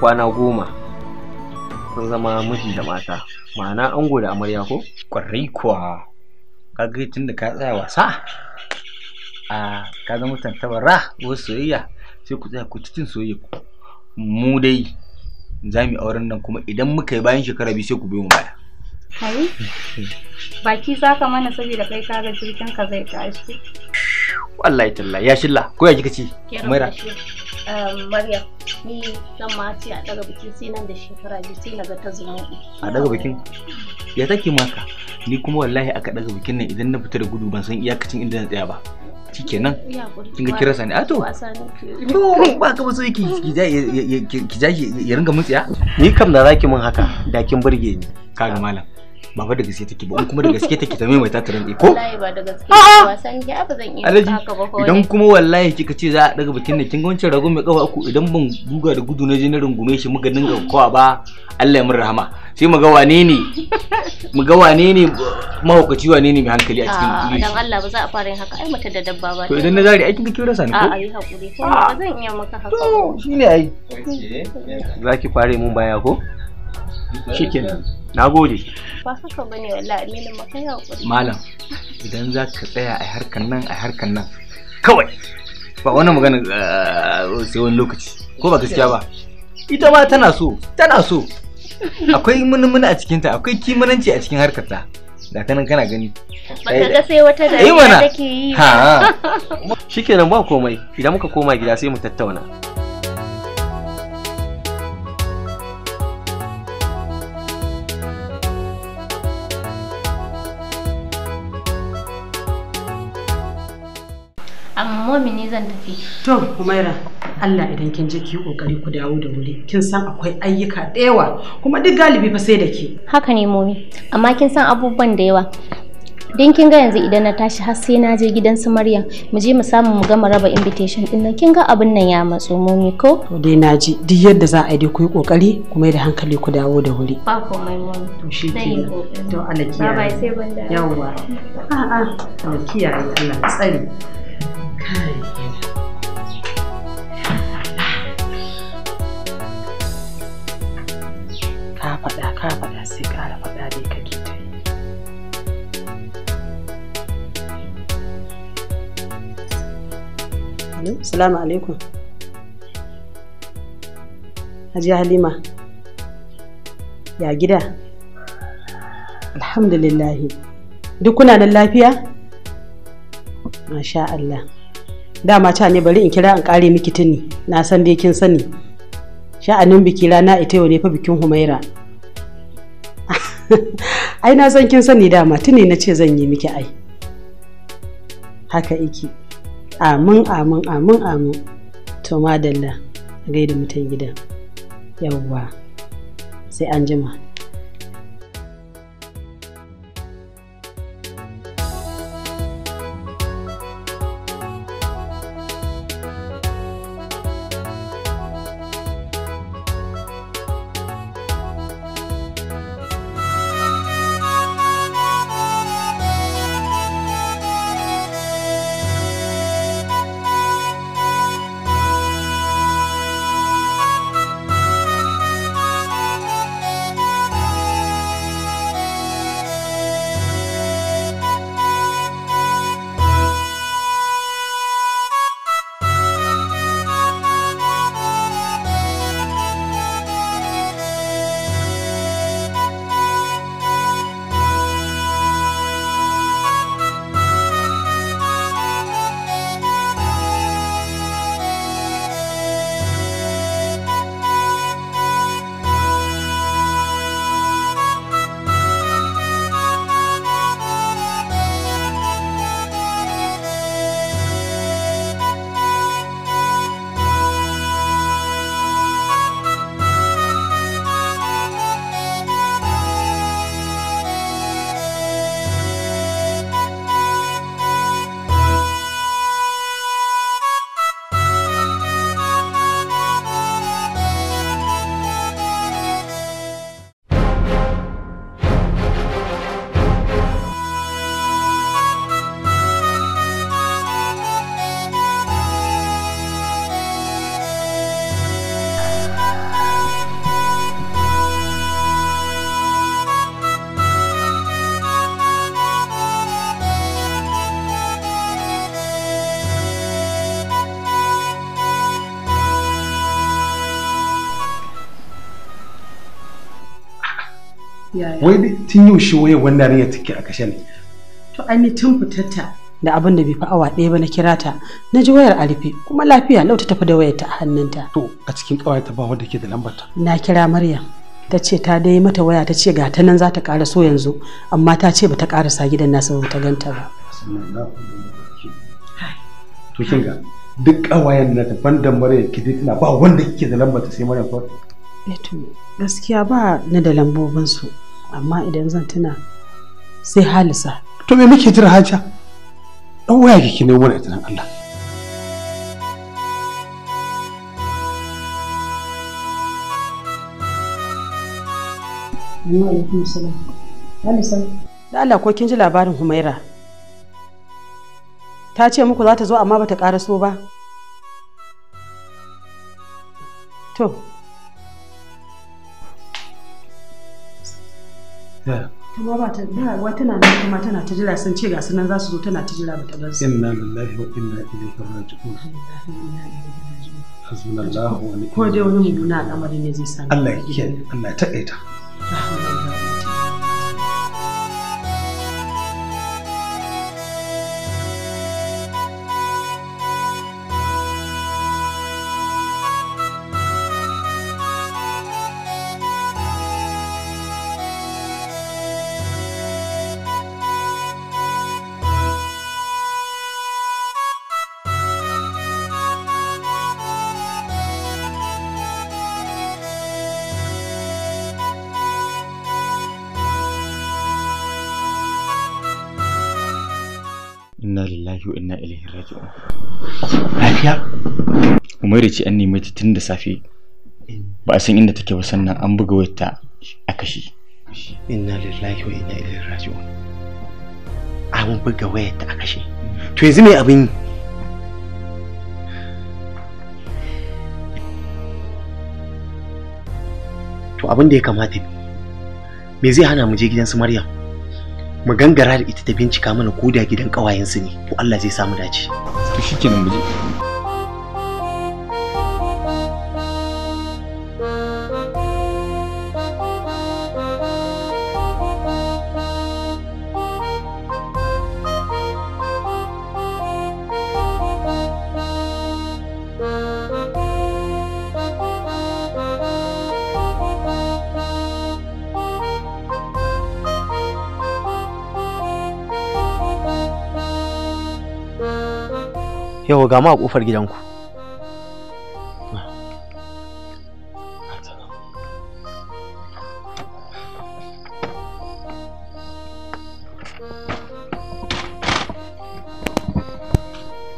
kwana goma sun zama miji da mata ma'ana ango da amarya ko kwarai kuwa kaga tun da ka tsaya wasa a ka zama tantabara ko soyayya sai ku tsaya ku cikin soyayya mu dai za mu auren nan kuma idan muka yi bayan shekara biyu sai ku biyo mu baya kai baki za ka mana saboda kai ka ga jirgin ka zai tashi wallahi tallahi ya shilla ko ya kika ci maira eh, maryam ni zan ma ce a daga bikin sai nan da shekara biyu sai na ga ta zumuɗi a daga bikin ya take maka ni kuma wallahi aka daga bikin nan idan na fita da gudu ban san iyakacin inda na tsaya ba shikenan kin ga kira sani ato to ba ka ba so ki ki ja ki ja ya ringa mutsiya ni kam da zaki mun haka da kin burge ni kaga malam ba fa da gaske take ba kuma da gaske take ta mai ta rande ko wallahi ba da gaske wasan ki ba zan iya haka ba ko idan kuma wallahi kika ce za a daga bikin ne kin ga wancan ragon mai kafa uku idan ban duga da gudu na je na rungume shi muga dinga kowa ba Allah ya mun rahama sai mu ga wane ne mu ga wane ne mahaukaci wane ne mai hankali a cikin dan Allah ba za a fara yin haka ai mata da dabba ba to idan na zari aikin kike rasa ne ko a yi hakuri ko ba zan iya maka haka to shine ai zaki fare mun baya ko shikenan na gode ba malam idan za ka tsaya a harkar nan a harkar nan kawai ba wani magana eh, sai wani lokaci ko ba gaskiya ba ita ma tana so tana so akwai munmuna a cikinta akwai kimananci a cikin harkar ta da kanan kana gani baka ga sai wata eh, da ke yi shikenan ba komai idan muka koma gida sai mu tattauna ne zan tafi. To, Humaira, Allah idan kin je ki yi kokari ku dawo da wuri. Kin san akwai ayyuka da yawa, kuma duk galibi fa sai da ke. Haka ne momi, amma kin san abubuwan da yawa. Din kin ga yanzu idan na tashi har sai na je gidan su Maryam, mu je mu samu mu gama raba invitation din nan. Kin ga abin nan ya matso momi ko? To dai na ji, duk yadda za a yi dai ku yi kokari, kuma da hankali ku dawo da wuri. Ba mai momi. To shi ke. To Allah ki ba bai sai banda. a a to kiyaye Allah tsari. Assalamu alaikum. Hajiya Halima. Ya gida? Alhamdulillahi. Duk kuna da lafiya? Masha Allah. Dama ta ne bari in kira an kare miki tuni. Na san dai kin sani. Sha'anin biki rana ita yau ne fa bikin Humaira. ai na san kin sani dama tuni na ce zan yi miki ai. Haka iki. amin amin amin amin to madalla a gaida mutan gidan yawwa sai an jima wai tun yaushe waye wannan yarinya take a kashe ne to ai ni tun fitarta da abin da bai fa awa ɗaya ba na kira ta na ji wayar alife kuma lafiya lau ta tafi da wayar ta a hannunta to a cikin ƙawayenta ba wanda ke da lambar ta na kira maryam ta ce ta dai mata waya ta ce ga ta nan za ta ƙara so yanzu amma ta ce ba ta ƙarasa gidan nasa ba ta ganta ba to kin ga duk ƙawayen na daban da maryam ki dai tana ba wanda kike da lambar ta sai maryam fa eh to gaskiya ba na da lambobin su amma idan zan tuna sai halisa to me muke jira haja dan waya kike ne wannan tunan Allah da Allah ko kin ji labarin Humaira ta ce muku za ta zo amma bata karaso ba to Eh. kuma ba ta ba tana nan kuma tana ta jira sun ce ga sunan za su zo tana ta jira ba ta gan su inna lillahi wa inna ilaihi raji'un hasbunallahu wa ni'mal wakeel ko dai wani mummuna al'amari ne zai san Allah ya kiyaye Allah ya taƙaita ke lafiya umaru ce an nemi ta tun da safe ba a san inda take ba sannan an buga wayarta a kashi inna lillahi wa inna ilaihi raji'un an buga wayarta a kashi to yanzu me abin to abin da ya kamata me zai hana mu je gidan su Maryam mu gangara da ita ta bincika mana koda da gidan ƙawayensu ne ko Allah zai samu dace to shikenan mu je yau ga ma a kofar gidanku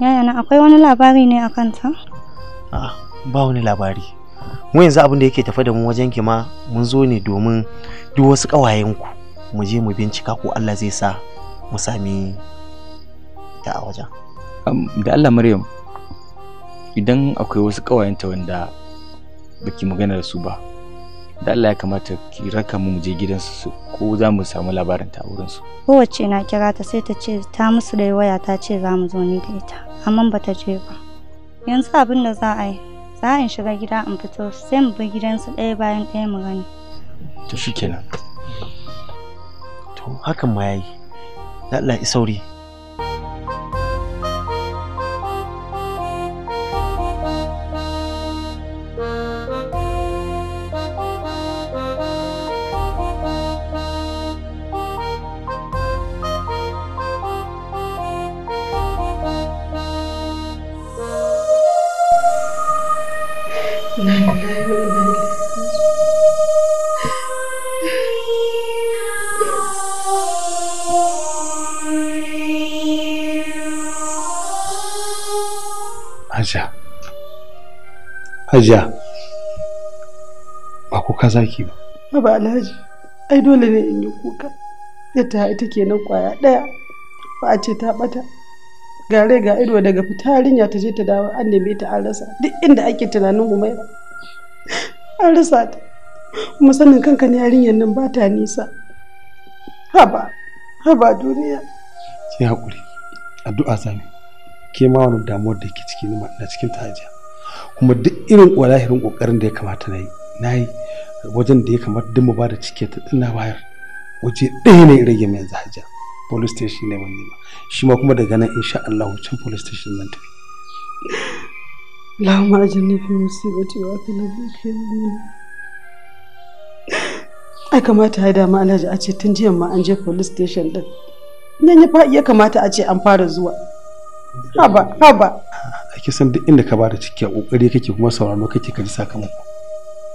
yaya na akwai wani labari ne a kanta? ba wani labari. Mu yanzu abin da yake tafa da mu wajen ki ma mun zo ne domin duk wasu ƙawayenku mu je mu bincika ko Allah zai sa mu sami ta a wajen. da Allah Maryam idan akwai wasu ƙawayenta wanda ba baki magana da su ba da Allah ya kamata ki raka mu je gidansu ko za mu samu labarin ta wurin su kowace na kira ta sai ta ce ta musu da waya ta ce za mu zo ni da ita amma ba ta je ba yanzu abin da za a yi za in shiga gida in fito sai mu bi gidansu ɗaya bayan ɗaya mu gani to shikenan to hakan ma yayi da Allah isauri hajiya ba kuka zaki ba Baba Alhaji, ai dole ne in yi kuka. Yadda ita nan kwaya daya ba a ce ta bata Gare ga ido daga fita yarinya ta je ta dawo an neme ta an rasa duk inda ake tunanin mai An rasa ta. Kuma sanin kanka ne yarinyar nan ba ta nisa. Haba, haba duniya. Ki haƙuri, addu'a za Ke ma wani damuwar da ke ciki na cikin ta hajiya. kuma duk irin walahirin kokarin da ya kamata na yi na yi wajen da ya kamata duk mu ba da cike ta ina bayar waje ɗaya ne rage mai zahaja police station ne wani ma shi ma kuma daga nan insha Allah can police station zan tafi Allahumma ajinni fi musibati wa fi ai kamata ya ma alhaji a ce tun jiyan ma an je police station din nan ya kamata a ce an fara zuwa haba haba ake san duk inda ka bada ciki a kokari kake kuma sauraro kake ka ji sakamako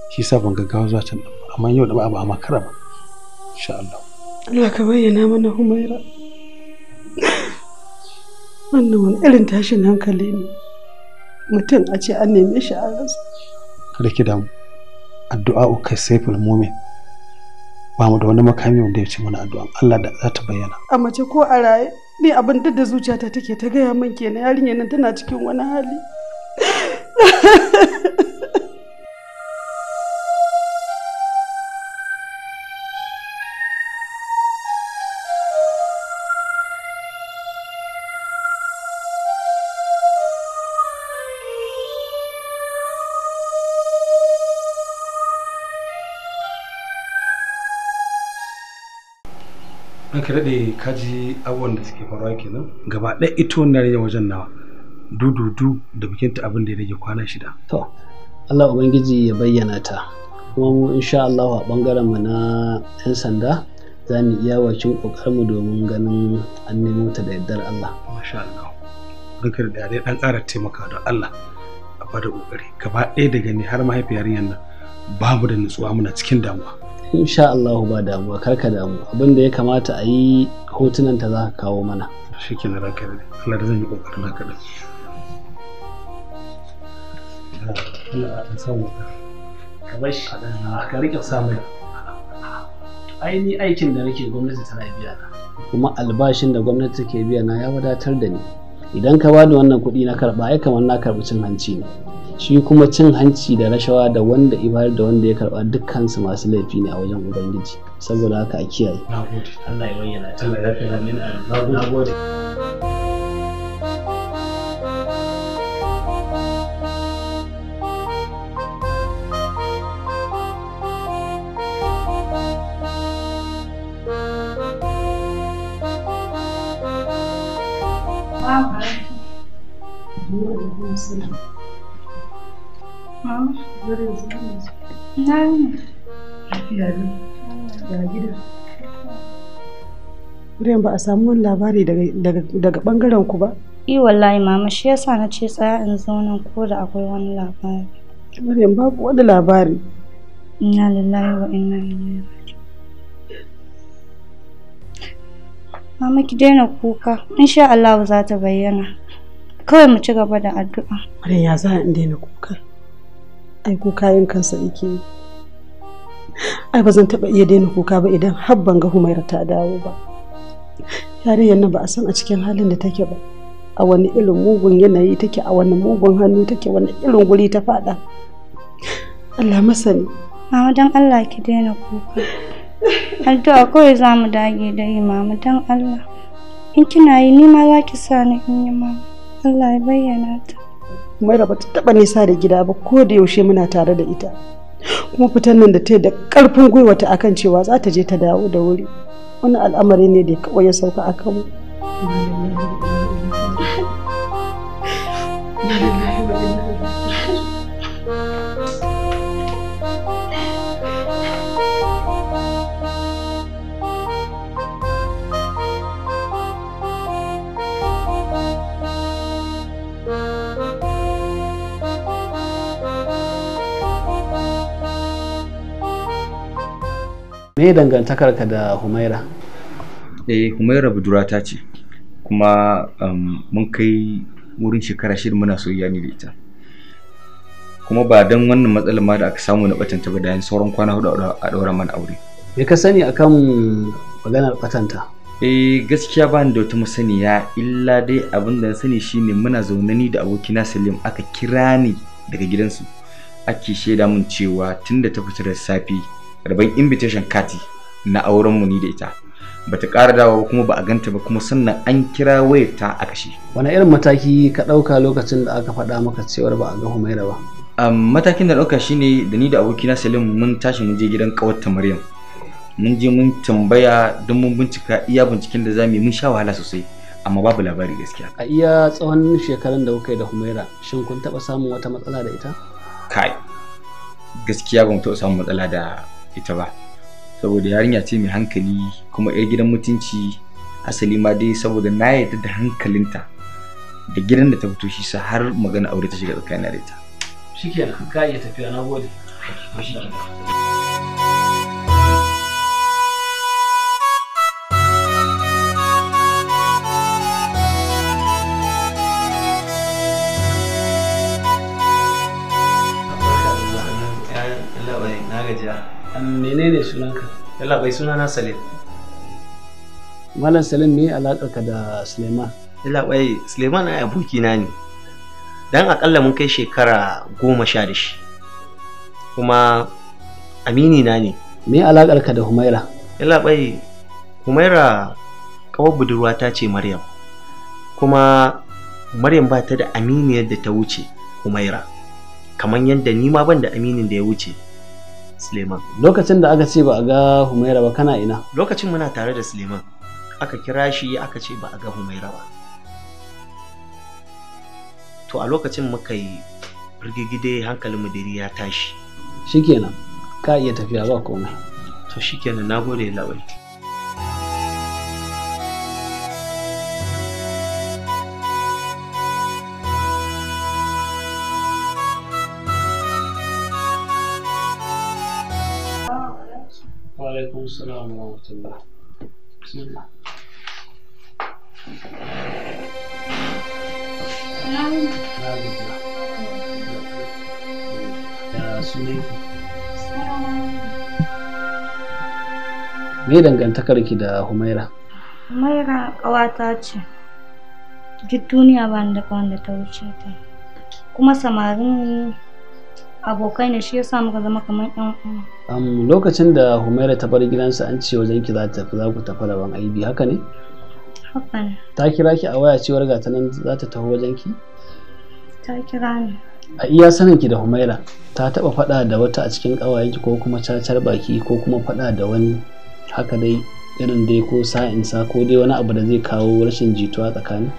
shi yasa ban gaggawa zuwa can amma yau da ba a makara ba insha Allah Allah ka bayyana mana Humaira wannan wani irin tashin hankali ne mutum a ce an neme shi a rasa kada ki damu addu'a uka saiful mumin ba mu da wani makami wanda ya ce mana addu'a Allah da za ta bayyana a mace ko a raye ni abin da zuciyata take ta gaya min kenan yarinyar nan tana cikin wani hali daɗe kaji abubuwan da suke faruwa kenan gaba ɗaya ito wannan rage wajen nawa dududu da bikinta abin da ya rage kwana shida to Allah ubangiji ya bayyana ta kuma mu insha Allah a bangaren mu na yan sanda za mu iya wacin kokarin mu domin ganin an nemo ta da yardar Allah masha Allah dukkan da dare dan ƙara taimaka don Allah a bada kokari gaba ɗaya daga ni har mahaifiyar yannan babu da nutsuwa muna cikin damuwa insha Allah ba damuwa kar ka damu abin da ya kamata a yi hotunan ta za ka kawo mana shi ke na raka ne Allah da zan yi kokarin haka da aikin da nake gwamnati tana biya na kuma albashin da gwamnati take biya na ya wadatar da ni idan ka bani wannan kuɗi na karɓa ai kamar na karɓi cin hanci ne shi kuma cin hanci da rashawa da wanda ibar da wanda ya karba dukkansu masu laifi ne a wajen ubangiji saboda haka a kiyaye Thank you. Mama. Zara yanzu ba yanzu. Na ne. Lafiya Ya gida. Maryam ba a samu wani labari daga bangaren ku ba? Eh wallahi mama shi yasa na ce tsaya in zauna ko da akwai wani labari. Maryam babu wani labari. Inna lillahi wa inna ilaihi Mama ki daina kuka, sha Allah za ta bayyana. Kawai mu ci gaba da addu'a. Maryam ya za in daina kuka? ai kuka yin kansa yake yi ai ba zan taɓa iya daina kuka ba idan har ban ga humaira ta dawo ba yarinyar nan ba a san a cikin halin da take ba a wani irin mugun yanayi take a wani mugun hannu take wani irin guri ta faɗa Allah masani mama dan Allah ki daina kuka addu'a kawai za mu dage da yi mama dan Allah in kina yi ni ma za ki sa ni in yi mama Allah ya bayyana ta Maira ba ta taɓa nisa da gida ba ko da yaushe muna tare da ita. Kuma fitan nan da ta da karfin gwiwa ta akan cewa za ta je ta dawo da wuri. Wani al'amari ne da kawai ya sauka a kanmu. me dangantakar ka da humaira eh humaira budurata ce kuma um, mun kai wurin shekara shida muna soyayya ne da ita kuma ba don wannan matsalar ma da aka samu na batanta ba da sauran kwana hudu a ɗaura mana aure me ka sani akan maganar batanta eh gaskiya ba ni da wata masaniya illa dai abin da na sani shine muna zaune ni da abokina Salim aka kira ni daga gidansu ake shaida min cewa tunda ta fita da safe rabin invitation kati na auren mu ni da ita bata ƙara dawo kuma ba a ganta ba kuma sannan an kira wayar ta a kashe wani irin mataki ka ɗauka lokacin da aka faɗa maka cewar ba a ga humaira ba um, matakin da ɗauka shine da ni da abokina salim mun tashi mun je gidan ƙawarta maryam mun je mun tambaya don mun bincika iya binciken da zamu yi mun sha wahala sosai amma babu labari gaskiya a iya tsawon shekarun da kuka yi da humaira shin kun taɓa samun wata matsala da ita kai gaskiya ba mu taɓa samun matsala da ita ba saboda yarinya ce mai hankali kuma 'yar gidan mutunci asali ma dai saboda na yarda da hankalinta da gidan da ta fito shi sa har magana aure ta shiga tsakanin da ita shikenan ka iya tafiya na gode na menene sunanka yalla bai na salim malam salim me alaƙarka da suleiman yalla bai suleiman ai abokina ne dan akalla mun kai shekara goma sha da shi kuma amini na ne me alaƙarka da humaira yalla bai humaira kawar budurwata ce maryam kuma maryam ba ta da aminiyar da ta wuce humaira kamar yadda ni ma ban da aminin da ya wuce Suleiman. Lokacin da aka ce ba a ga Humaira ba kana ina? Lokacin muna tare da Suleiman. Aka kira shi aka ce ba a ga Humaira ba. To a lokacin muka yi rigigide hankalin mu ya tashi. Shikenan ka iya tafiya ba komai. To shikenan gode labai. عليكم السلام ki الله بسم الله Me da Humaira? Humaira ƙawata ce. Duk duniya ba da wanda ta wuce ta. Kuma samarin abokai ne shi sa muka zama kamar yan uwa lokacin da Humaira ta bar gidansa an ce wajen ki za ta tafi za ku tafi rabon aibi haka ne haka ne ta kira ki a waya cewar ga ta nan za ta tafi wajen ki ta kira ni a iya sanin ki da Humaira ta taba faɗa da wata a cikin ƙawayenki ko kuma cacar baki ko kuma faɗa da wani haka dai irin dai ko sa'insa ko dai wani abu da zai kawo rashin jituwa tsakanin?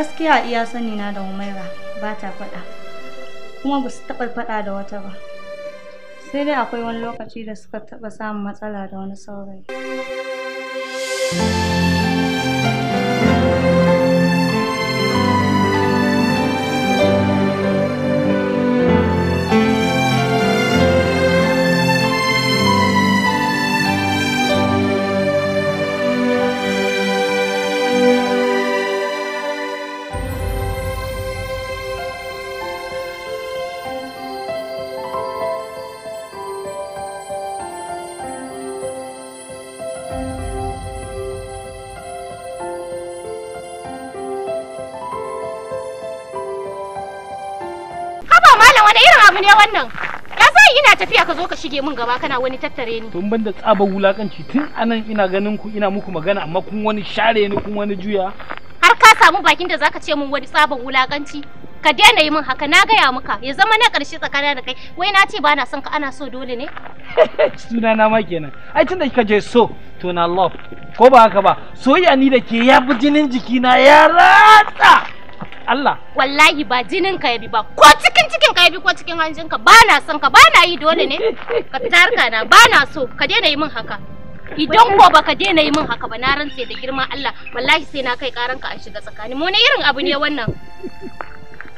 gaskiya iya sani na da umaira ba ta faɗa kuma ba su taɓa faɗa da wata ba sai dai akwai wani lokaci da suka taɓa samun matsala da wani saurayi wannan ya sa ina tafiya ka zo ka shige min gaba kana wani tattare ni tun ban da tsaba wulakanci tun anan ina ganin ku ina muku magana amma kun wani share ni kun wani juya har ka samu bakin da zaka ce min wani tsaban wulakanci ka daina yi min haka na gaya muka ya zama na karshe tsakanin da kai wai na ce ba na son ka ana so dole ne suna na ma kenan ai tunda kika je so to na love ko ba haka ba soyayya ni da ke ya bi jinin jikina ya ratsa Allah wallahi ba jinin ka yabi ba ko cikin cikin ka yabi ko cikin hanjin ka ba na son ka ba na yi dole ne ka ka na ba na so ka daina yi min haka idan ko baka daina yi min haka ba na rantse da girman Allah wallahi sai na kai karanka a shiga tsakani mu ne irin abu ne wannan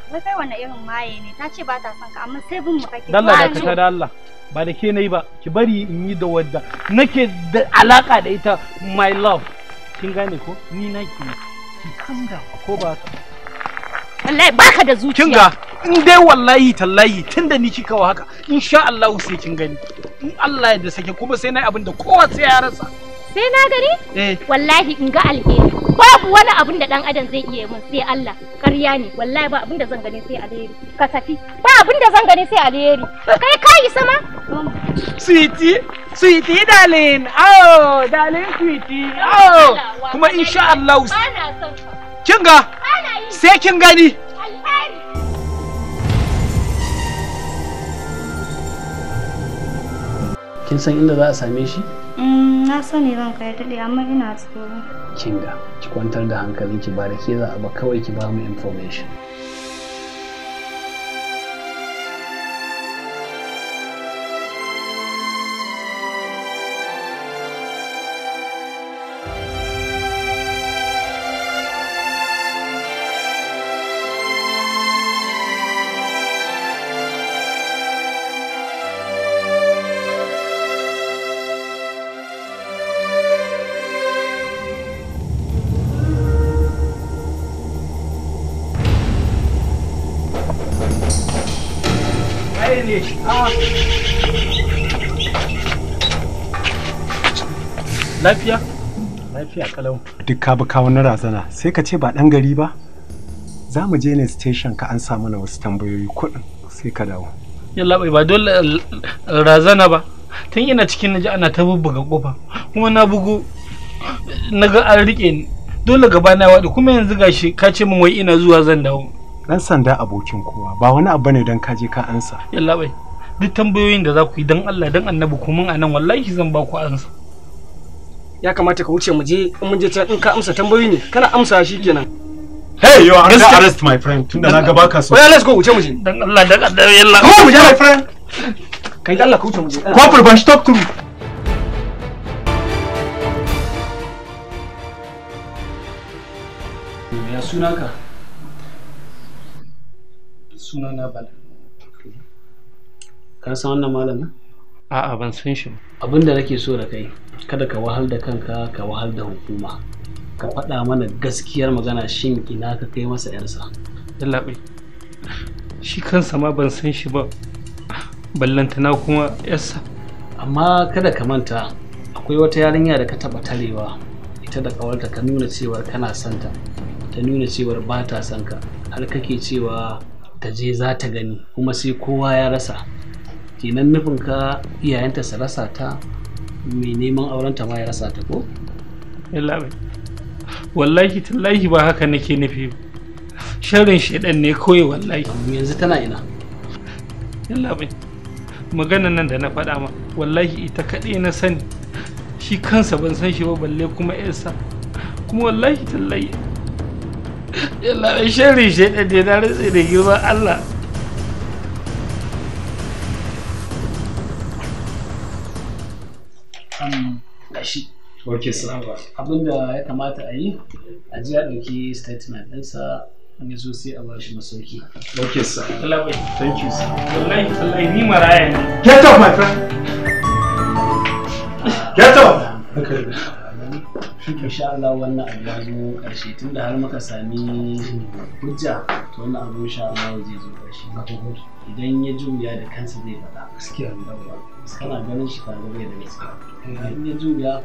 wai kai wannan irin maye ne ta ce ba ta son ka amma sai bin mu kake dalla da ka da Allah ba da ke nayi ba ki bari in yi da wadda nake da alaka da ita my love kin gane ko ni na ki calm down ko ba ka. wallahi baka da zuciya kinga in dai wallahi tallahi tunda ni kika wa haka insha Allah sai kin gani in Allah ya da sake kuma sai nayi abin da kowa sai ya rasa sai na gani eh wallahi in ga alheri babu wani abin da dan adam zai iya mun. sai Allah ƙarya ne wallahi ba abin da zan gani sai alheri ka tafi ba abin da zan gani sai alheri kai kai sama Siti, Siti darling oh darling Siti, oh kuma insha Allah ba na son ka Kinga, sai kin gani kin san inda za a same shi mm, na sani ban kai daɗe amma ina tsoro Kinga, ki kwantar da hankalinki ba da ke za a ba kawai ki ba mu information Lafiya? Lafiya kalau. Duk ka bi kawo na razana sai ka ce ba ɗan gari ba? Za mu je ne station ka an sa mana wasu tambayoyi kuɗin sai ka dawo. Yalla bai ba dole razana ba. Tun ina cikin naji ana ta bubbuga kofa kuma na bugu na ga an riƙe ni. Dole gaba na wadi kuma yanzu gashi ka ce min wai ina zuwa zan dawo. Dan sanda abokin kowa ba wani abu ne don ka je ka ansa. Yalla bai. duk tambayoyin da za ku yi don Allah don annabi ku mun anan wallahi zan ba ku ansa ya kamata ka wuce mu je in mun je can in ka amsa tambayoyi ne kana amsa shi kenan hey you are under arrest my friend tunda na ga baka so well let's go wuce mu je dan Allah dan Allah yalla come on mu je my friend kai Allah ka wuce mu je kofar ban shi talk to me sunaka sunana bala ka san wannan malamin a'a ban san shi abin da nake so da kai kada ka wahal da kanka ka wahal da hukuma ka faɗa mana gaskiyar magana shin ina ka kai masa yarsa yallaɓai shi kansa ma ban san shi ba ballantana kuma yarsa amma kada ka manta akwai wata yarinya da ka taɓa tarewa ita da ƙawarta ka nuna cewar kana santa ta nuna cewar ba ta son ka har kake cewa ta je za ta gani kuma sai kowa ya rasa kenan nufin ka iyayenta su rasa ta mai neman aurenta ma ya rasa ta ko? wallahi tallahi ba haka nake nufi sharin shaidan ne kawai wallahi yanzu tana ina yalla magana maganan nan da na faɗa ma wallahi ita kaɗai na sani shi kansa ban san shi ba balle kuma yarsa kuma wallahi tallahi yalla sharin shaidan ne na rantsa da girman allah shi ok sanarwa da ya kamata a yi a ji a ɗauki statement ɗinsa an yi sosai a ba shi masauki ok thank Allah wannan abu ya zo ƙarshe tunda har muka sami hujja to wannan abu insha Allah zai zo ƙarshe idan ya juya da kansa zai faɗa gaskiya kana ganin shi kaga bai da gaskiya Eh, in ya juya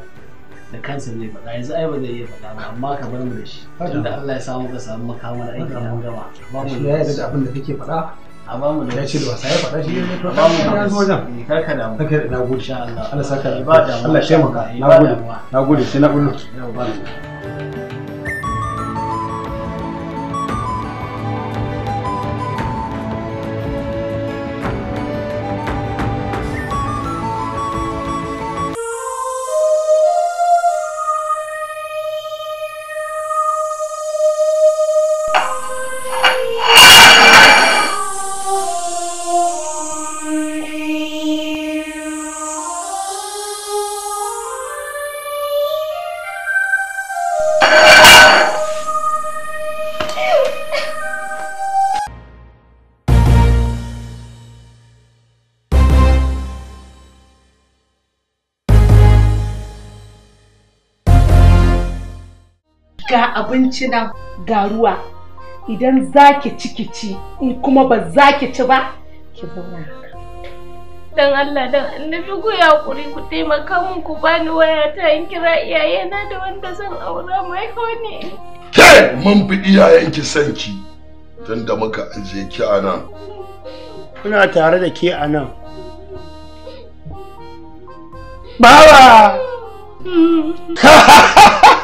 da kansa zai faɗa yanzu ai ba zai iya faɗa ba amma ka bar mu da shi tunda Allah ya samu ka samu makamar aiki da mun gama ba mu da yarda da abin da kake faɗa a ba mu da ya ce da wasa ya faɗa shi ne to ba mu da wajen eh, kar ka damu kar ka damu insha Allah Allah saka ba damu Allah ya taimaka eh, nagode nagode sai na kullu yau ba ga abinci nan ga ruwa idan za ki ci ki ci in kuma ba za ki ci ba ki zauna dan Allah dan annabi ku kuri ku taimaka mun ku bani waya ta in kira iyayena da wanda zan aura mai hone ke mun bi ki sanki tunda muka aje ki a nan muna tare da ke a nan bawa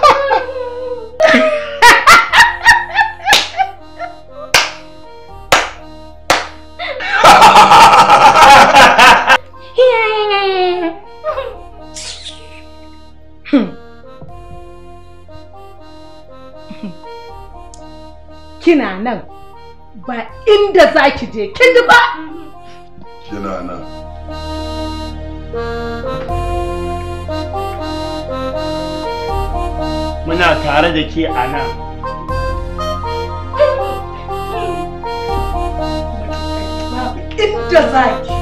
ba inda za ki je kin ba kina nan muna tare da ke a nan inda za ki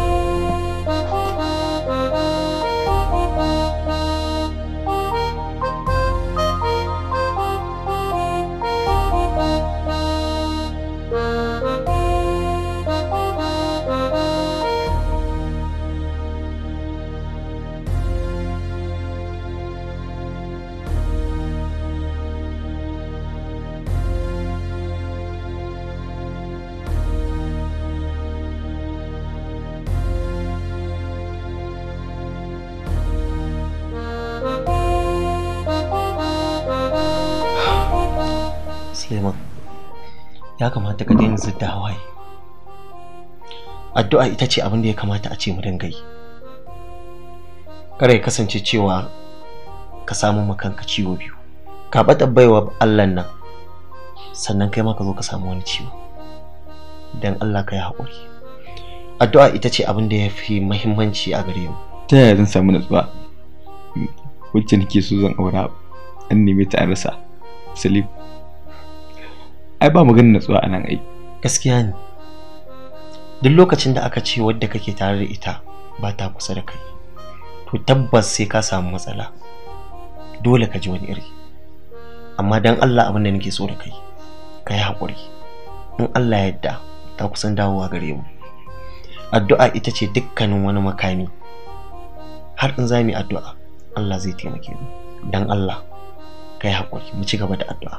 Suleiman ya kamata ka daina zidda hawaye addu'a ita ce abin da ya kamata a ce mu dinga yi kare kasance cewa ka samu makanka ciwo biyu ka bata baiwa Allah nan sannan kai ma ka zo ka samu wani ciwo dan Allah ka yi haƙuri addu'a ita ce abin da ya fi muhimmanci a gare mu ta yaya zan samu natsuwa wacce nake so zan aura an nemi ta an rasa salim ai ba maganar natsuwa a nan ai gaskiya ne duk lokacin da aka ce wadda kake tare da ita ba ta kusa da kai to tabbas sai ka samu matsala dole ka ji wani iri amma dan Allah abin da nake so da kai ka yi haƙuri in Allah ya yarda ta kusan dawowa gare mu addu'a ita ce dukkanin wani makami har in za mu addu'a Allah zai taimake mu dan Allah ka yi haƙuri mu ci gaba da addu'a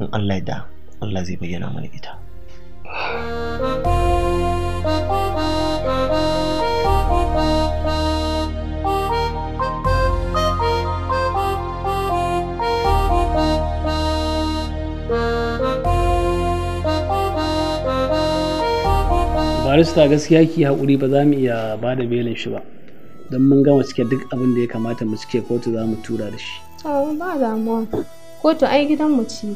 in Allah ya yarda Allah zai bayyana mana ita barista gaskiya ki haƙuri ba za mu iya ba da belin shi ba don mun gama cike duk abin da ya kamata mu cike kotu za mu tura da shi. ba damuwa kotu ai gidan mu ce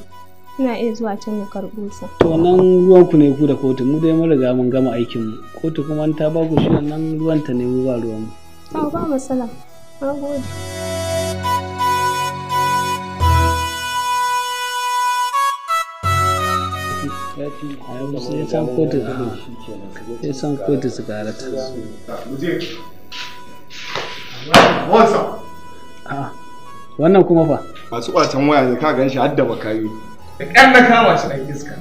ina iya zuwa can na karɓo sa to nan ruwan ku ne ku da kotu mu dai mun riga mun gama aikin mu kotu kuma ta ba ku shi nan ruwan ta ne mu ba ruwan mu to ba matsala na gode ya san kotu su karata ah, wannan kuma fa masu kwacen waya ne ka gan shi hadda da da na kama shi a iska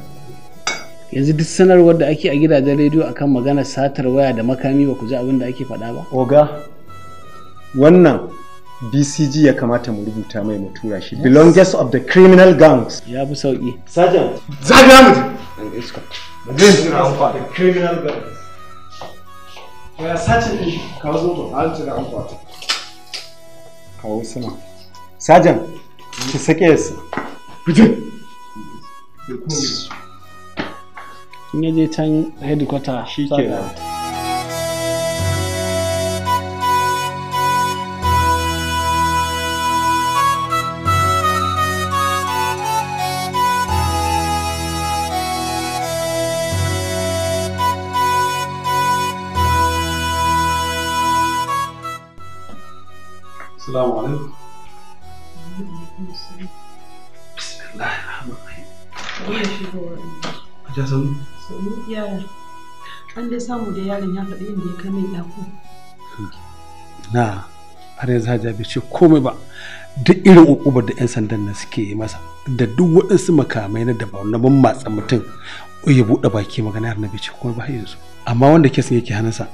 yanzu duk sanarwar da ake a gidajen rediyo akan magana satar waya da makami ba ku ji abin da ake faɗa ba oga wannan bcg ya kamata mu rubuta mai mu tura shi belongings of the criminal gangs ya fi sauki sergeant zaga mu an iska the criminal gangs ya sace ɗin ka zo ba a da an kwata kawo suna sajan ki sake yasa. fitin ya in ya je can headquarter shi kenan Assalamu alaikum. ta an dai samu da yaron ya faɗi inda ya kai ɗaku na har yanzu hajiya bai ce komai ba duk irin ukubar da 'yan sandan nan suke yi masa da duk waɗansu makamai na dabaru na mammatsa mutum ya buɗe baki magana har na bai ce komai ba yanzu amma wanda kesin yake hanasa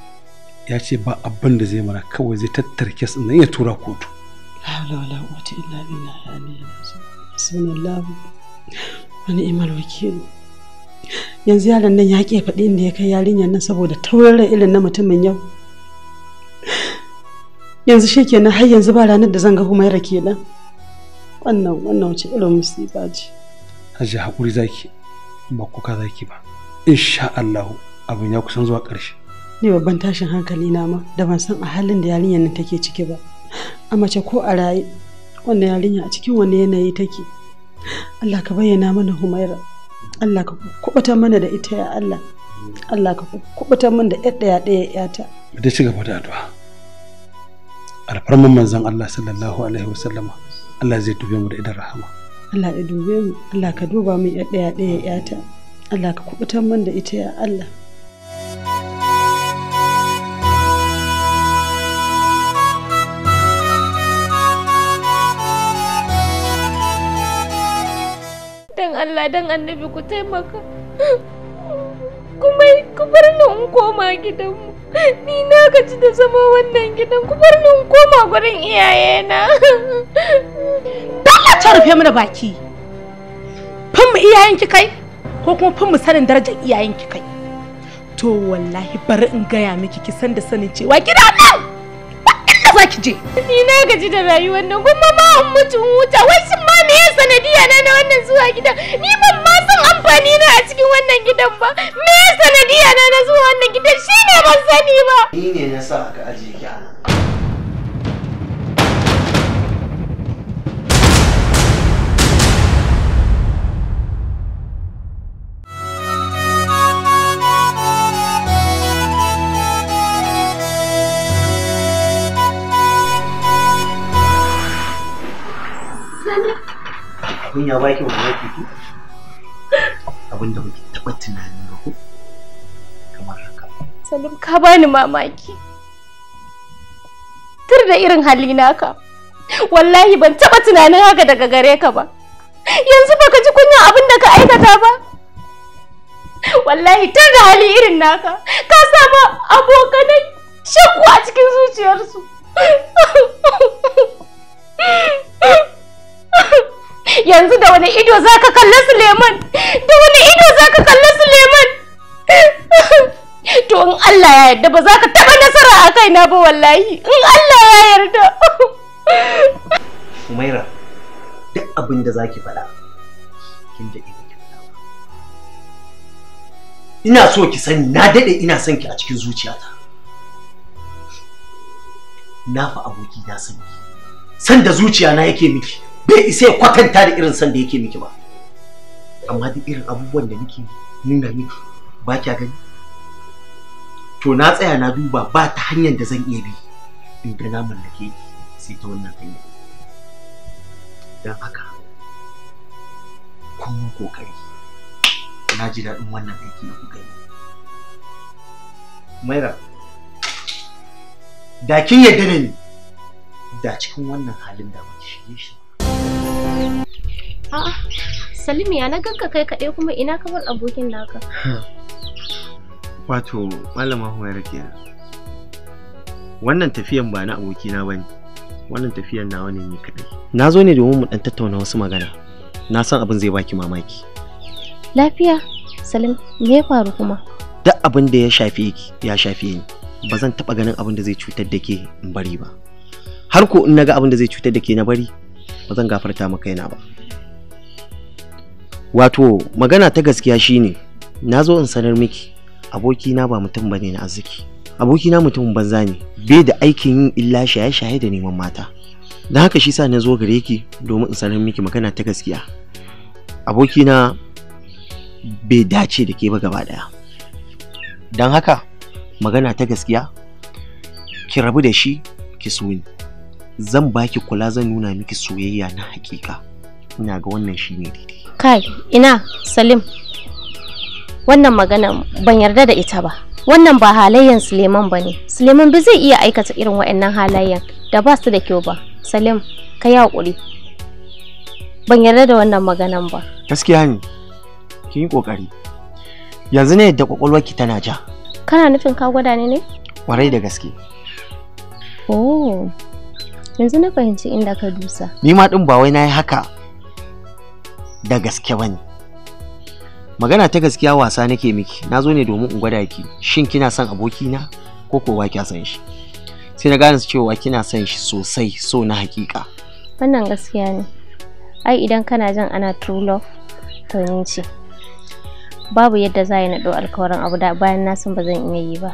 ya ce ba abin da zai mara kawai zai tattara kesin nan ya tura kotu wala wata illa wani imal wakilu yanzu yaron nan ya ke faɗi inda ya kai yarinyar nan saboda taurara irin na mutumin yau yanzu shi kenan har yanzu ba ranar da zan ga humaira kenan wannan wannan wace irin musiba ce hajji hakuri zaki ba kuka zaki ba insha Allah abin ya kusan zuwa ƙarshe ne babban tashin hankali na ma da ban san a halin da yarinyar nan take ciki ba a mace ko a raye wannan yarinya a cikin wani yanayi take Allah ka bayyana mana Humaira. Allah ka kubuta mana da ita ya Allah. Allah ka kubuta mana da ɗaya ɗaya ta. Da ci gaba da addu'a. Alfarman manzon Allah sallallahu alaihi wasallama Allah zai dube mu da idan rahama. Allah ya dube mu, Allah ka duba mu ɗaya ɗaya ta. Allah ka kubuta mana da ita ya Allah. Allah dan annabi ku taimaka kuma ku bar ni in koma gidanmu ni na gaji da zama wannan gidan ku bar ni in koma gurin iyayena Allah ta rufe mana baki fin mu iyayen ki kai ko kuma fin mu sanin darajar iyayen ki kai to wallahi bari in gaya miki ki san da sanin cewa gidan nan za ki je? Ni na gaji da rayuwar nan kuma ma an mutu huta wai shin ma me ya sanadiya na na wannan zuwa gidan ni ban ma san amfani na a cikin wannan gidan ba me ya sanadiya na na zuwa wannan gidan shine ban sani ba. Ni ne na sa aka ajiye ki kun ya baki wani ki abin da muke taɓa tunani ba ko kamar haka salim ka bani mamaki tur da irin hali naka wallahi ban taɓa tunanin haka daga gare ka ba yanzu ba ka ji kunya abin da ka aikata ba wallahi tun da hali irin naka ka sa ba abokanai shakku a cikin zuciyarsu yanzu da wani ido za ka kalli suleiman da wani ido za ka kalli suleiman to in allah ya yarda ba za ka taɓa nasara a kaina ba wallahi in allah ya yarda umaira duk abin da za ki faɗa kin da ido ina so ki sani na daɗe ina son ki a cikin zuciyata na fa aboki na san ki san da zuciya na yake miki bai isa ya kwatanta da irin san da yake miki ba amma duk irin abubuwan da nake nuna miki ba kya gani to na tsaya na duba ba ta hanyar da zan iya bi in ga na mallake sai ta wannan hanyar dan haka kun kokari na ji daɗin wannan aiki da kuka yi maira da kin yadda ne ne da cikin wannan halin da muke shige shi A'a, Salim ya na ganka kai kaɗai kuma ina kamar abokin naka. Wato, malama Humaira kenan. Wannan tafiyan ba na abokina ba ne, wannan tafiyan nawa ne ni kaɗai. Na zo ne domin mu ɗan tattauna wasu magana, na san abin zai baki mamaki. Lafiya, Salim, me ya faru kuma? Duk abin da ya shafi ki ya shafi ni, ba zan taɓa ganin abin da zai cutar da ke in bari ba. Har ko in na ga abin da zai cutar da ke na bari, ba zan gafarta maka yana ba. wato magana ta gaskiya shine na zo in sanar miki abokina ba mutum bane na arziki abokina mutum banza ne bai da aikin yin illa shaye-shaye da neman mata don haka shi sa na zo gare ki domin in sanar miki magana ta gaskiya abokina bai dace da ke ba gaba daya don haka magana ta gaskiya ki rabu da shi ki so ni zan baki kula zan nuna miki soyayya na hakika ina ga wannan shine daidai kai ina salim wannan magana ban yarda da ita ba wannan ba halayen suleiman ba ne suleiman ba zai iya aikata irin wa'annan halayen da ba su da kyau ba salim ka yi haƙuri ban yarda da wannan maganan ba gaskiya ne ki yi ƙoƙari yanzu ne yadda ki tana ja kana nufin ka gwada ne ne ƙwarai da gaske oh yanzu na fahimci inda ka dusa ni ma ɗin ba wai na yi haka da gaske ba ne magana ta gaskiya wasa nake miki na zo ne domin in gwada ki shin kina son abokina ko kowa kya san shi sai na gane su cewa kina son shi sosai so na hakika wannan gaskiya ne ai idan kana jin ana true love to yin ce babu yadda za yi naɗo alkawarin abu da bayan na san ba zan iya yi ba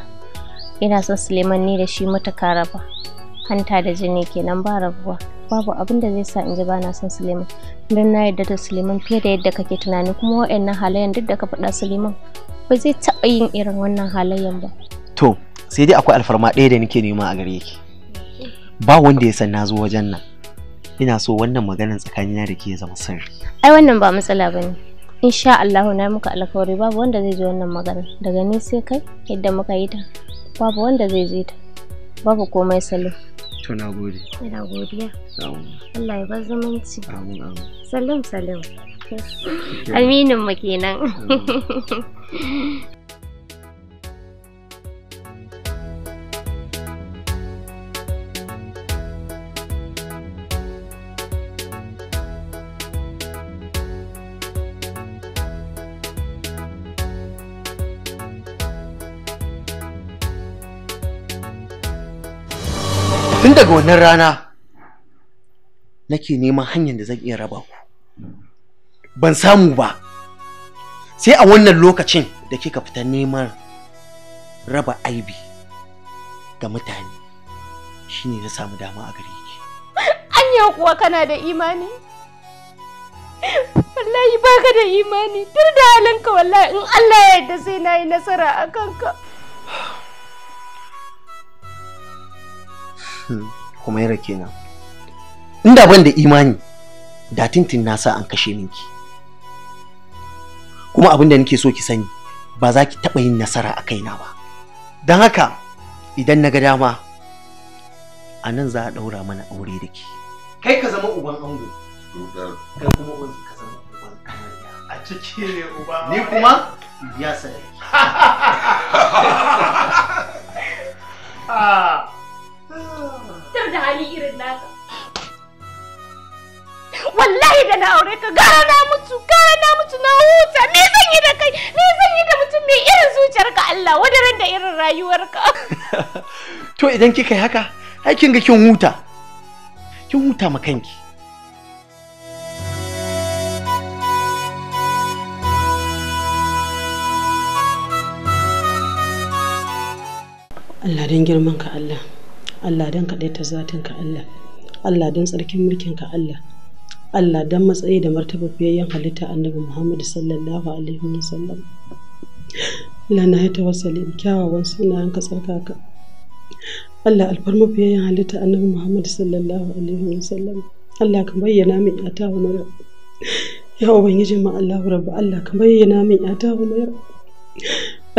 ina son suleiman ne da shi mata karaba hanta da jini kenan ba rabuwa babu abin da zai sa in ji bana son Suleiman don na yarda da Suleiman fiye da yadda kake tunani kuma waɗannan halayen duk da ka faɗa Suleiman ba zai taɓa yin irin wannan halayen ba to sai dai akwai alfarma ɗaya da nake nema a gare ki ba wanda ya san na zo wajen nan ina so wannan maganar tsakanin da ke zama sirri ai wannan ba matsala bane insha Allah na muka alkawari babu wanda zai ji wannan magana daga ni sai kai yadda muka yi ta babu wanda zai ji ta babu komai salo To na gode. Ina ya bar zumunci. Amin Salam salam. Aminin mu kenan. daga wannan rana nake neman hanyar da zan iya raba ku ban samu ba sai a wannan lokacin da kika fita neman raba aibi ga mutane shine na samu dama a gare ki anya kuwa kana da imani wallahi baka da imani duk da halinka wallahi in Allah ya yarda sai na yi nasara a kanka Hadisatul Humaira kenan. Inda ban da imani da tintin na sa an kashe minki. Kuma abin da nake so ki sani ba za ki taɓa yin nasara a kaina ba. Don haka idan na ga dama a nan za a ɗaura mana aure da ke. Kai ka zama uban ango. Kai kuma uban ka zama uban amarya. A ciki ne uba. Ni kuma ya sadaki. Ah. Tar hali irin naka. Wallahi da na aure ka gara na mutu, gara na mutu na huta, me zan yi da kai, me zan yi da mutum mai irin zuciyarka Allah, wadaran da irin rayuwarka. To idan kika yi haka, ai kin ga kin huta. Kin huta ma kanki. Allah don girman ka Allah. Allah don kaɗaita zatinka Allah Allah don tsarkin mulkinka Allah Allah don matsayi da martaba martababiyayyen halitta annabi Muhammadu sallallahu alaihi wa sallam Allah na haita wasali kyawawan sunayen ka tsarkaka Allah alfarma biyayyen halitta annabi Muhammadu sallallahu alaihi wa sallam Allah ka bayyana min yata wa mara ya ubangijin ma Allah rabba Allah ka bayyana min yata ta mara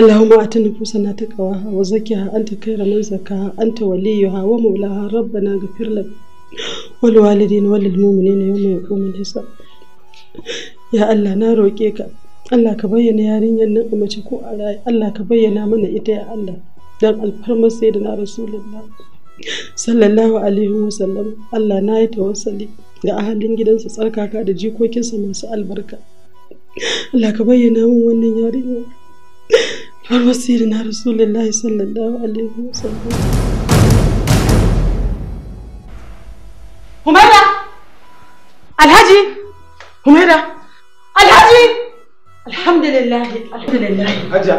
اللهم آت نفوسنا تقواها وزكها أنت خير من زكاها أنت وليها ومولاها ربنا اغفر لنا والوالدين وللمؤمنين يوم يقوم الحساب يا الله na roƙe ka Allah ka bayyana yarinyar nan a mace ko a Allah ka bayyana mana ita ya Allah don alfarmar sai da na rasulullah sallallahu alaihi wa sallam Allah na yi tawassali da ahalin gidansa tsarkaka da jikokinsa masu albarka Allah ka bayyana min wannan yarinya. Yawar na Rasulullahi sallallahu Alaihi wasallam. Humaira! Alhaji! Humaira! Alhaji! Alhamdulillah, alhamdulillah. Hajiya!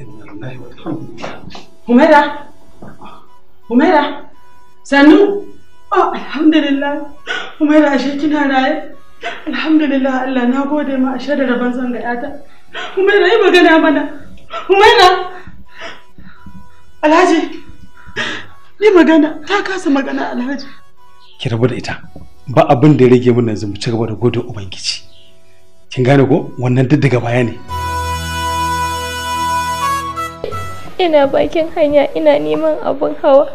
Inna lillahi wa alhamdulillah. Humaira! Humaira! Sanu! Oh, alhamdulillah. Humaira ashe kina raye? Alhamdulillah Allah na gode ma ashe da rabon zanga 'yata. Umaira yi magana mana. Umaira! Alhaji! Yi magana, ta kasa magana Alhaji. Ki rabu da ita. Ba abin da ya rage mun yanzu mu ci gaba da gode Ubangiji. Kin gane ko? Wannan duk daga baya ne. Ina bakin hanya ina neman abin hawa.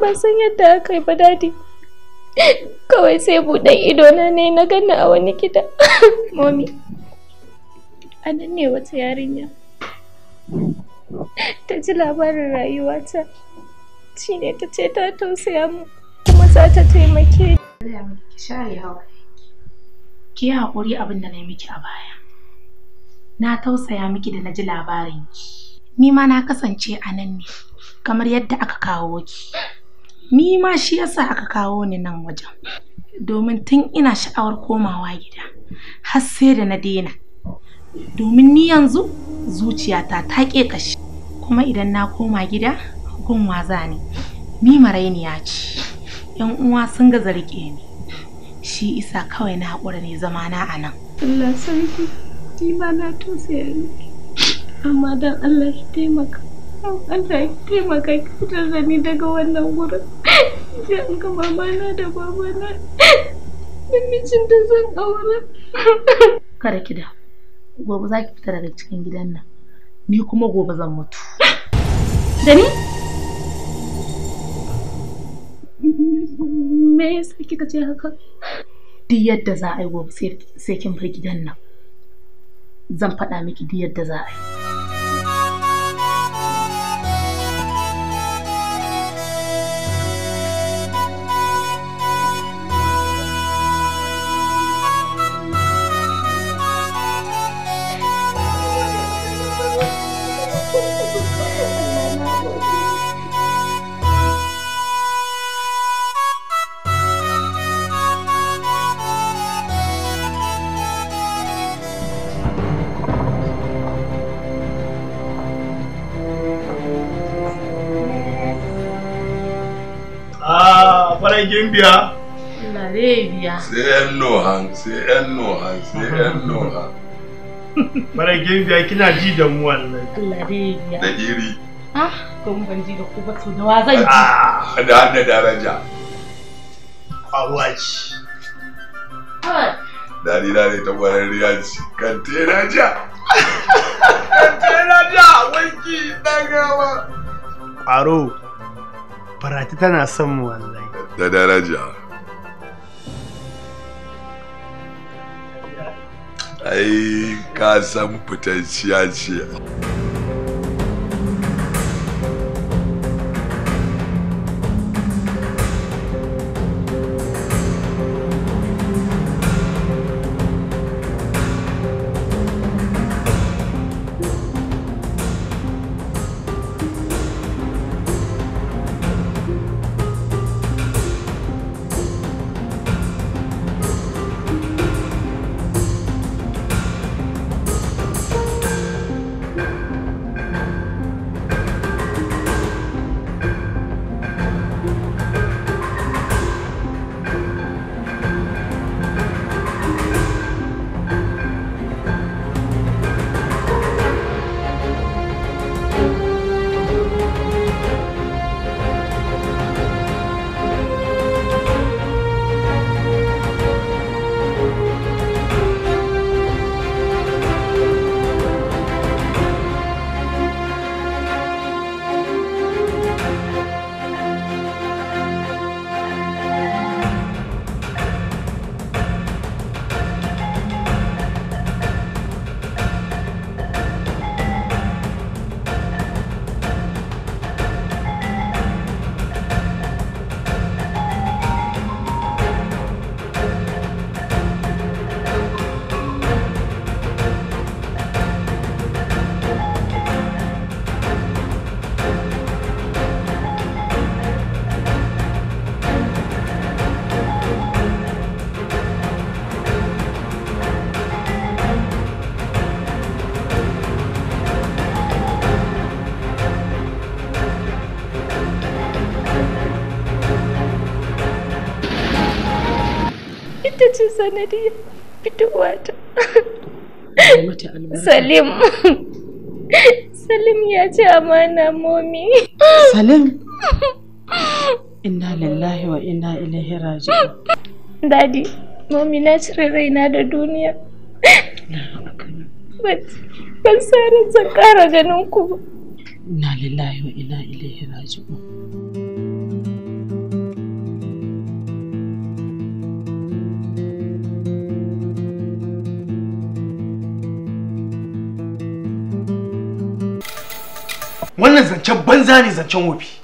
Ban san yadda aka yi ba dadi. kawai sai buɗe idona ne na ganna a wani gida Mami, anan ne wata yarinya ta ji labarin rayuwata shi ne ta ce ta tausaya mu kuma za ta taimake ki yi haƙuri abin da na yi miki a baya na tausaya miki da na ji labarin ki ni ma na kasance a nan ne kamar yadda aka kawo ki ni ma shi yasa aka kawo ni nan wajen domin tun ina sha'awar komawa gida har sai da na daina domin ni yanzu zuciyata ta ƙe ƙashi. kuma idan na koma gida gunwa za ni ni marainiya ce yan uwa sun ga zarge ni shi isa kawai na haƙura ne zamana a nan Allah sarki ni ma na tausaya amma don Allah ki taimaka Allah taimaka ka fitar da ni daga wannan wurin je in ga mamana da babana da mijin da zan aure. kada ki da gobe za ki fita daga cikin gidan nan ni kuma gobe zan mutu da ni me yasa kika ce haka duk yadda za a yi gobe sai kin bar gidan nan zan faɗa miki duk yadda za a yi kin biya? Allah zai biya. Sai yan nohan, sai yan nohan, sai yan nohan. Mara kin biya Ah, to mun ban ji Ah, da Dari na ne ta gwanar riyanci, kan tera ja. Kan tera ja, wanki, ɗan da daraja ai ka san fitacciya ce sanadiyar fitowata salim salim ya ce amana momi salim inna lillahi wa inna ilaihi raji'un dadi momi na cire raina da duniya ban sa ran zan kara ganin ku ba inna lillahi wa inna ilaihi raji'un wannan zancen banza ne zancen wofi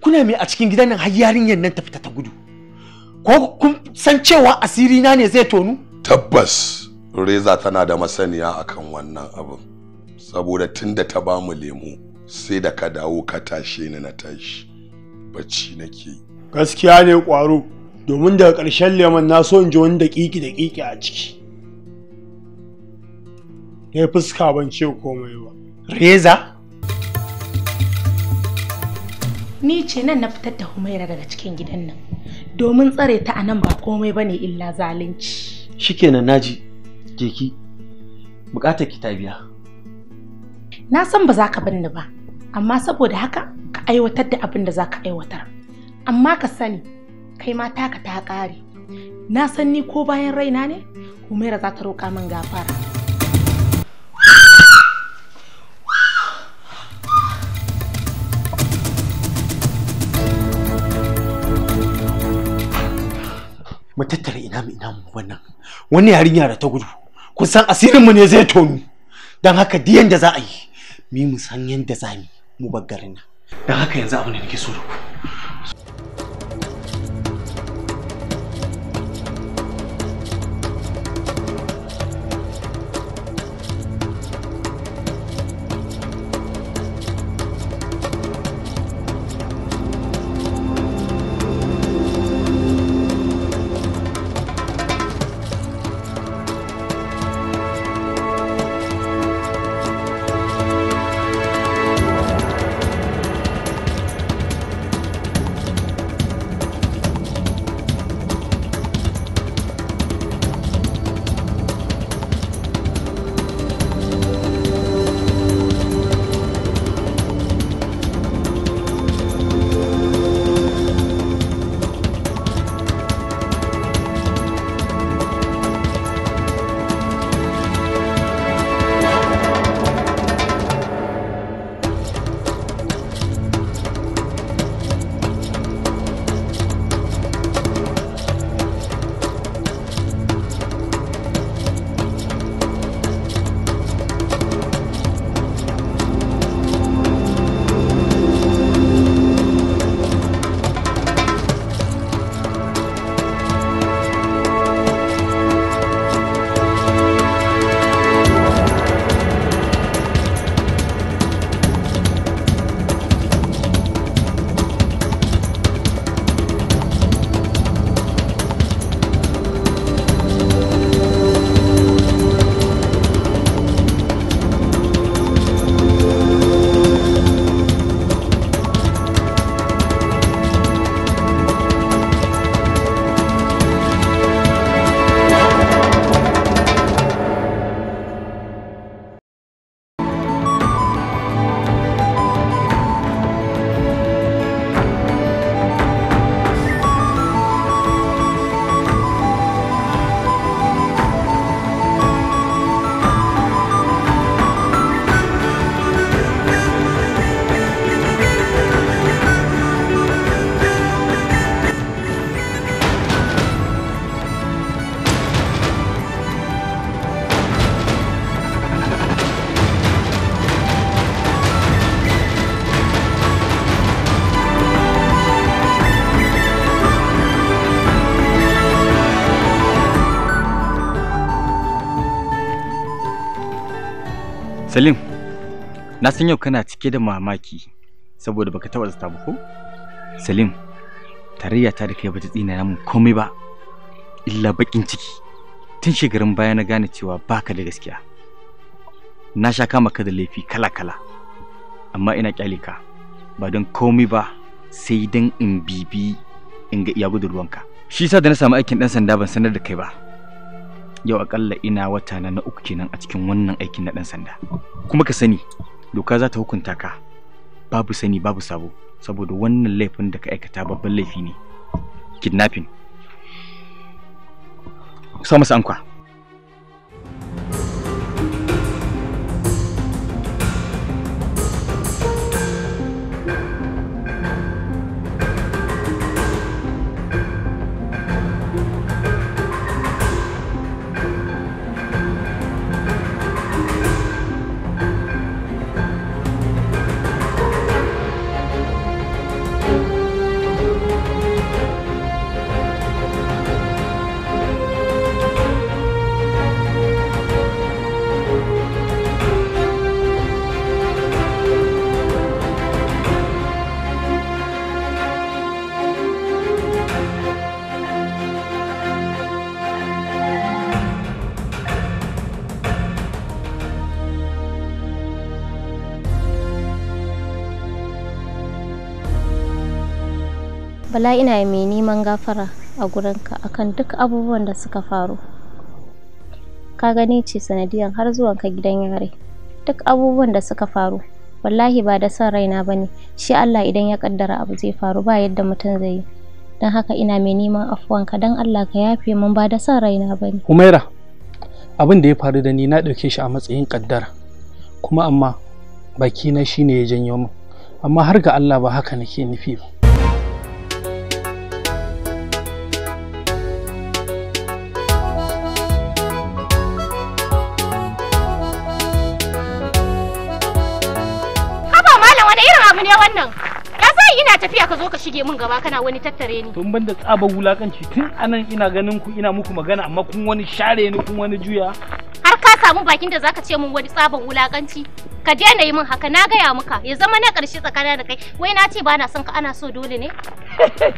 kuna me a cikin gidan nan har yarinyar nan ta fita ta gudu ko kun san cewa asiri na ne zai tonu tabbas reza tana da masaniya akan wannan abin saboda tunda ta bamu lemu sai da ka dawo ka tashe ni na tashi bacci nake gaskiya ne kwaro domin daga ƙarshen lemon na so in ji wani daƙiƙi daƙiƙi a ciki ya fuska ban ce komai ba reza ni ce nan na fitar da humaira daga cikin gidan nan domin tsare ta a nan ba komai bane illa zalunci shikenan naji jeki buƙatar ki ta biya na san ba za ka binni ba amma saboda haka ka aiwatar da abin da za ka aiwatar amma ka sani kai ma taka ta ƙare na san ni ko bayan raina ne humaira za ta roƙa min gafara mu tattara ina mu ina mu wannan wani yarinya da ta gudu kun san asirin mu ne zai tonu dan haka diyan da za a yi mi mu san yanda za mu mu baggarin nan dan haka yanzu abin da nake so da ku Salim, na san yau kana cike da mamaki saboda baka taɓa zata ba ko? Salim, tarayya ta da kai bata tsina mun komai ba, illa bakin ciki. Tun shekarun baya na gane cewa baka da gaskiya. Na sha kama ka da laifi kala-kala, amma ina kyale ka ba don komai ba sai don in bibi in ga iya gudun ruwanka. Shi yasa da na samu aikin ɗan sanda ban sanar da kai ba. yau akalla ina wata na na uku kenan a cikin wannan aikin na ɗan sanda kuma ka sani doka za ta hukunta ka babu sani babu sabo saboda wannan laifin da ka aikata babban laifi ne kidnapping sa masa ankwa wala ina mai neman gafara a gurinka akan duk abubuwan da suka faru. Ka gani ce sanadiyan har zuwan ka gidan yare. Duk abubuwan da suka faru wallahi ba da san raina bane shi Allah idan ya kaddara abu zai faru ba yadda mutum zai yi. Don haka ina mai neman afuwanka don Allah ka yafe min ba da son raina bane. Humaira abin da ya faru da ni na ɗauke shi a matsayin kaddara kuma amma bakina shine ya janyo min amma har ga Allah ba haka nake nufi ba. shige mun gaba kana wani tattare ni tun banda tsaba wulakanci tun anan ina ganin ku ina muku magana amma kun wani share ni kun wani juya har ka samu bakin da zaka ce mun wani tsaban wulakanci ka je na yi mun haka na gaya muka ya zama na karshe tsakanin da kai wai na ce bana son ka ana so dole ne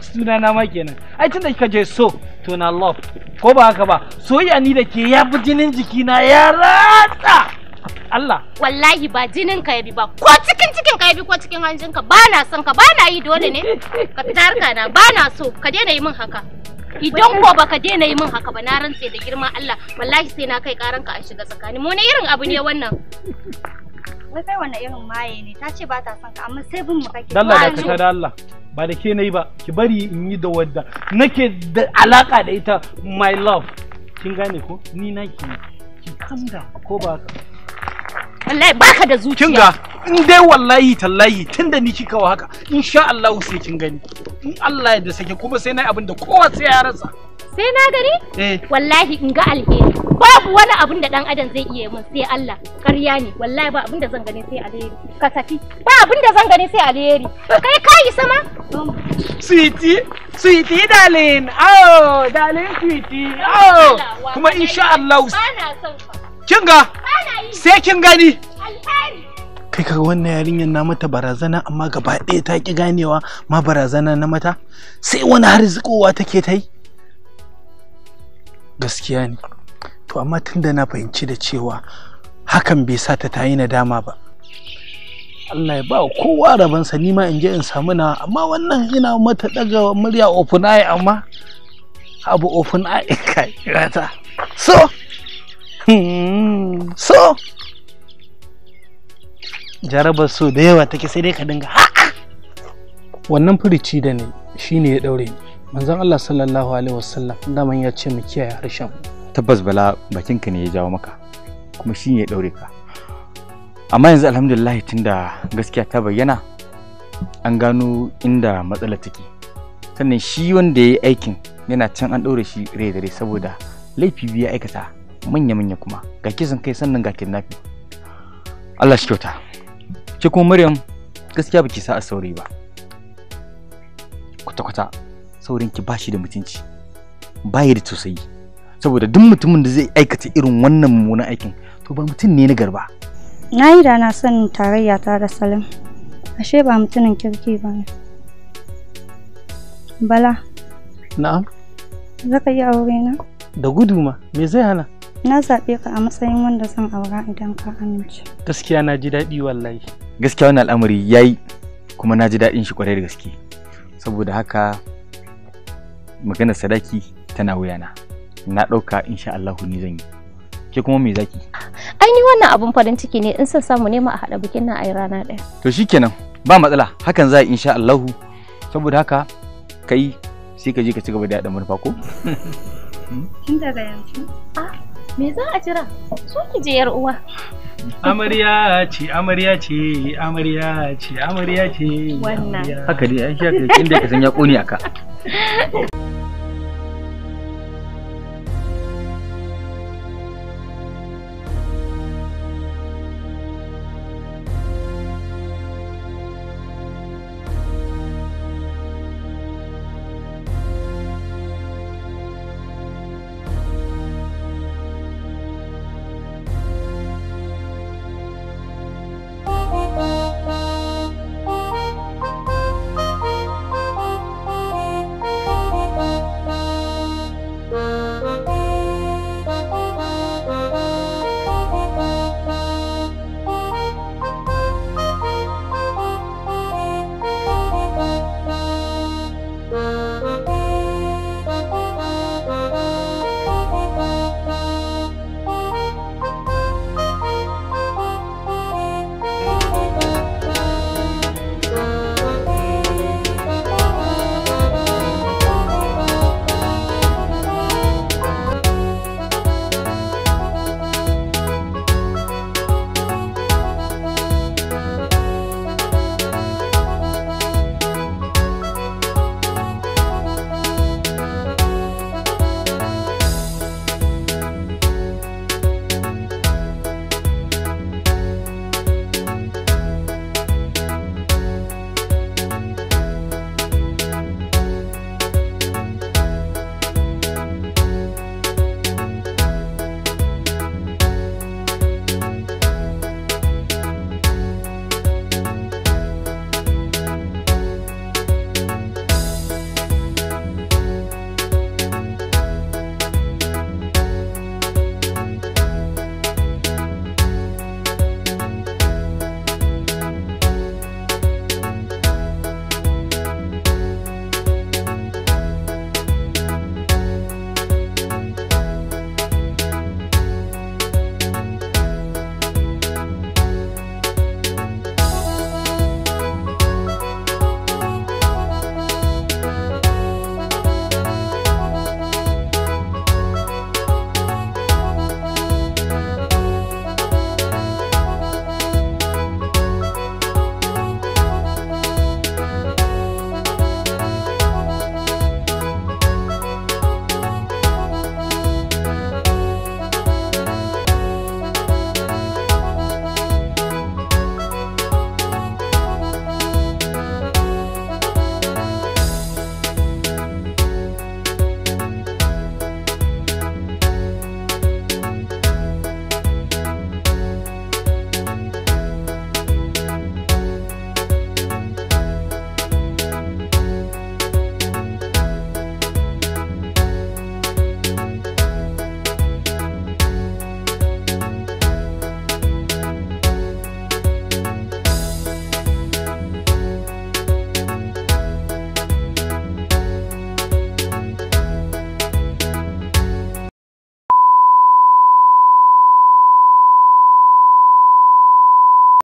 suna na ma kenan ai tun da kika je so to na love ko ba haka ba soyayya ni da ke ya bi jinin jikina ya ratsa Allah wallahi ba jinin ka yabi ba ko cikin cikin ka yabi ko cikin hanjin ka bana son ka bana yi dole ne ka tarka na bana so ka daina yi min haka idan ko baka daina yi min haka ba na rantse da girma Allah wallahi sai na kai karan ka an shiga tsakani mu ne irin abu ne wannan wai kai wannan irin maye ne ta ce ba ta son ka amma sai bin mu kake Allah da ka da Allah ba da ke nayi ba ki bari in yi da wadda nake da alaka da ita my love kin gane ko ni na ki ki kanda ko ba wallahi baka da zuciya kinga in dai wallahi tallahi tunda ni kika wa haka insha Allah sai kin gani in Allah ya da sake kuma sai na abin da kowa sai ya rasa sai na gani eh. wallahi in ga alheri babu wani abin da dan adam zai iya mun. sai Allah ƙarya ne wallahi ba abin da zan gani sai alheri ka tafi ba abin da zan gani sai alheri kai kai sama Siti, Siti dalin oh dalin Siti, oh kuma insha Allah kinga sai kin gani kai kaga wannan yarinyar na mata barazana amma gaba ɗaya ta ki ganewa ma barazana na mata sai wani har zikowa take ta yi gaskiya ne to amma tunda na fahimci da cewa hakan bai sa ta ta yi nadama ba Allah ya ba kowa rabansa ni ma in je in samu na amma wannan ina mata daga murya open eye amma abu open eye kai rata so Hmm. so jarabar so da yawa take sai dai ka dinga wannan furici da ne shine ya daure ni manzon Allah sallallahu alaihi wasallam daman ya ce mu kiyaye harshen tabbas bala bakinka ne ya jawo maka kuma shine ya daure ka amma yanzu alhamdulillah tunda gaskiya ta bayyana an gano inda matsala take sannan shi wanda ya yi aikin yana can an ɗaure shi rai da rai saboda laifi biya aikata manya-manya kuma ga kisan kai sannan ga kidnapping Allah shi kyauta ki kuma Maryam gaskiya baki sa a saurayi ba kwata-kwata saurin ki bashi da mutunci bayi da tausayi saboda duk mutumin da zai aikata irin wannan mummunan aikin to ba mutum ne na garba na yi da na sanin tarayya ta da salim ashe ba mutumin kirki ba ne bala na'am zaka yi aure na da gudu ma me zai hana na zaɓe ka a matsayin wanda zan aura idan ka amince gaskiya na ji daɗi wallahi gaskiya wannan al'amari yayi kuma na ji daɗin shi kwarai da gaske saboda haka maganar sadaki tana wuyana na ɗauka insha Allahu ni zan yi ke kuma me zaki ai ni wannan abun farin ciki ne in san samu nema a haɗa bikin nan a yi rana ɗaya to shikenan ba matsala hakan za a insha Allahu saboda haka kai sai ka je ka ci gaba da yaɗa manufa ko kin daga yanzu ah, Me za a jira? Su ki je yar uwa. Amarya ce, amarya ce, amarya ce, amarya ce. Wannan. Haka dai, an shi haka inda ka san ya kone aka.